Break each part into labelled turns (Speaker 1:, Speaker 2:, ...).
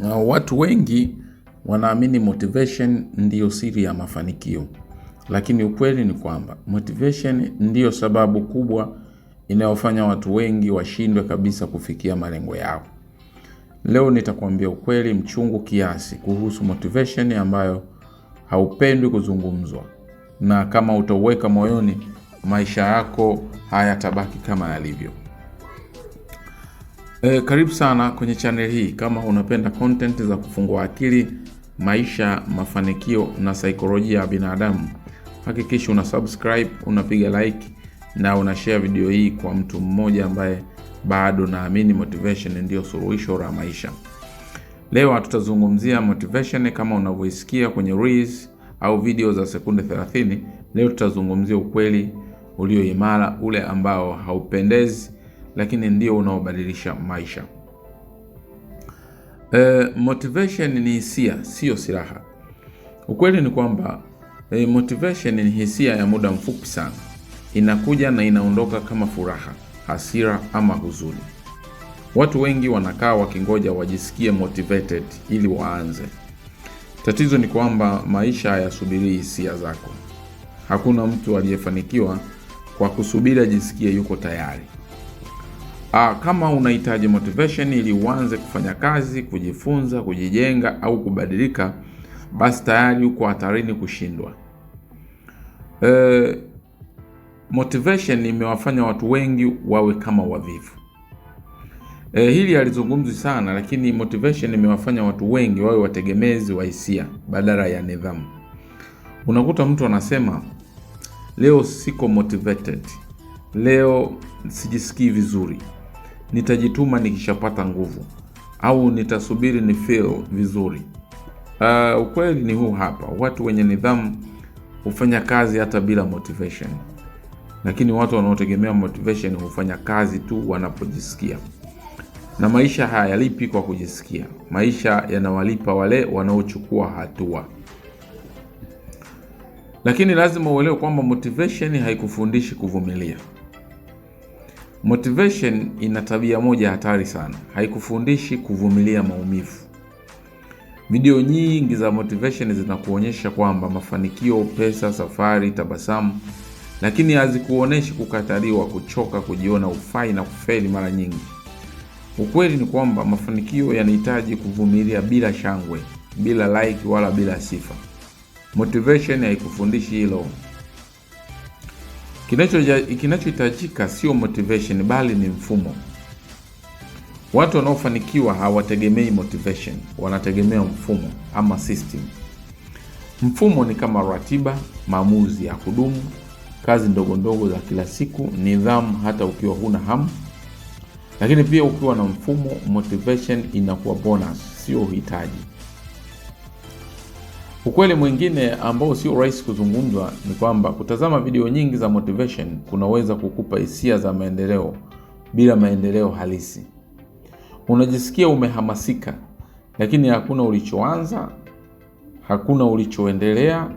Speaker 1: Uh, watu wengi wanaamini motivation ndiyo siri ya mafanikio, lakini ukweli ni kwamba motivation ndiyo sababu kubwa inayofanya watu wengi washindwe kabisa kufikia malengo yao. Leo nitakwambia ukweli mchungu kiasi kuhusu motivation ambayo haupendwi kuzungumzwa, na kama utauweka moyoni, maisha yako hayatabaki kama yalivyo. E, karibu sana kwenye channel hii. Kama unapenda content za kufungua akili, maisha, mafanikio na saikolojia ya binadamu, hakikisha una subscribe, unapiga like na una share video hii kwa mtu mmoja ambaye bado naamini motivation ndiyo suluhisho la maisha. Leo tutazungumzia motivation kama unavyoisikia kwenye reels au video za sekunde 30. Leo tutazungumzia ukweli ulio imara, ule ambao haupendezi lakini ndio unaobadilisha maisha.
Speaker 2: E, motivation ni hisia, sio silaha. Ukweli ni kwamba e, motivation ni hisia ya muda mfupi sana, inakuja na inaondoka kama furaha, hasira ama huzuni. Watu wengi wanakaa wakingoja wajisikie motivated ili waanze. Tatizo ni kwamba maisha hayasubiri hisia zako. Hakuna mtu aliyefanikiwa kwa kusubiri ajisikie yuko tayari. Aa, ah, kama unahitaji motivation ili uanze kufanya kazi, kujifunza, kujijenga au kubadilika, basi tayari uko hatarini kushindwa.
Speaker 3: E, motivation imewafanya watu wengi wawe kama wavivu. E, hili halizungumzwi sana lakini motivation imewafanya watu wengi wawe wategemezi wa hisia badala ya nidhamu. Unakuta mtu anasema leo siko motivated, leo sijisikii vizuri nitajituma nikishapata nguvu au nitasubiri ni feel vizuri? Uh, ukweli ni huu hapa. Watu wenye nidhamu hufanya kazi hata bila motivation, lakini watu wanaotegemea motivation hufanya kazi tu wanapojisikia, na maisha hayalipi kwa kujisikia. Maisha yanawalipa wale wanaochukua hatua. Lakini lazima uelewe kwamba motivation haikufundishi kuvumilia. Motivation ina tabia moja hatari sana, haikufundishi kuvumilia maumivu. Video nyingi za motivation zinakuonyesha kwamba mafanikio, pesa, safari, tabasamu, lakini hazikuonyeshi kukataliwa, kuchoka, kujiona ufai na kufeli mara nyingi. Ukweli ni kwamba mafanikio yanahitaji kuvumilia bila shangwe, bila like wala bila sifa. Motivation haikufundishi hilo. Kinachohitajika sio motivation bali ni mfumo. Watu wanaofanikiwa hawategemei motivation, wanategemea mfumo ama system. Mfumo ni kama ratiba, maamuzi ya kudumu, kazi ndogo ndogo za kila siku, nidhamu hata ukiwa huna hamu. Lakini pia ukiwa na mfumo, motivation inakuwa bonus, sio uhitaji. Ukweli mwingine ambao sio rahisi kuzungumzwa ni kwamba kutazama video nyingi za motivation kunaweza kukupa hisia za maendeleo bila maendeleo halisi. Unajisikia umehamasika, lakini hakuna ulichoanza, hakuna ulichoendelea,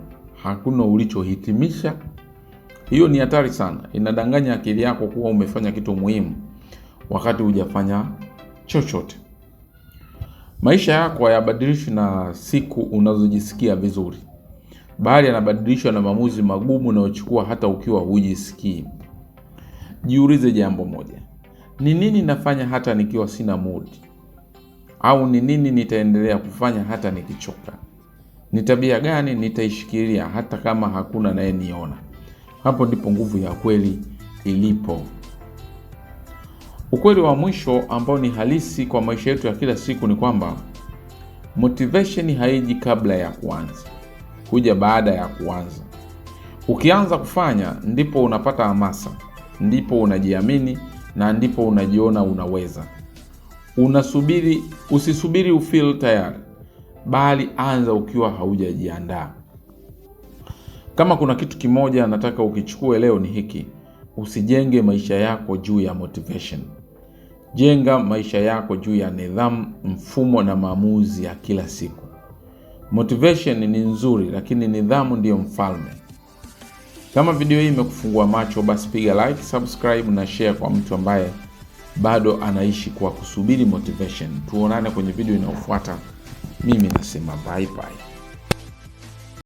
Speaker 3: hakuna ulichohitimisha. Hiyo ni hatari sana. Inadanganya akili yako kuwa umefanya kitu muhimu wakati hujafanya chochote. Maisha yako hayabadilishwi na siku unazojisikia vizuri, bali yanabadilishwa na maamuzi magumu unayochukua hata ukiwa hujisikii. Jiulize jambo moja: ni nini nafanya hata nikiwa sina mood? Au ni nini nitaendelea kufanya hata nikichoka? Ni tabia gani nitaishikilia hata kama hakuna naye niona Hapo ndipo nguvu ya kweli ilipo. Ukweli wa mwisho ambao ni halisi kwa maisha yetu ya kila siku ni kwamba motivation haiji kabla ya kuanza, huja baada ya kuanza. Ukianza kufanya ndipo unapata hamasa, ndipo unajiamini na ndipo unajiona unaweza. Unasubiri, usisubiri ufeel tayari, bali anza ukiwa haujajiandaa. Kama kuna kitu kimoja nataka ukichukue leo ni hiki: usijenge maisha yako juu ya motivation. Jenga maisha yako juu ya nidhamu, mfumo na maamuzi ya kila siku. Motivation ni nzuri, lakini nidhamu ndiyo mfalme. Kama video hii imekufungua macho, basi piga like, subscribe na share kwa mtu ambaye bado anaishi kwa kusubiri motivation. Tuonane kwenye video inayofuata. Mimi nasema bye bye.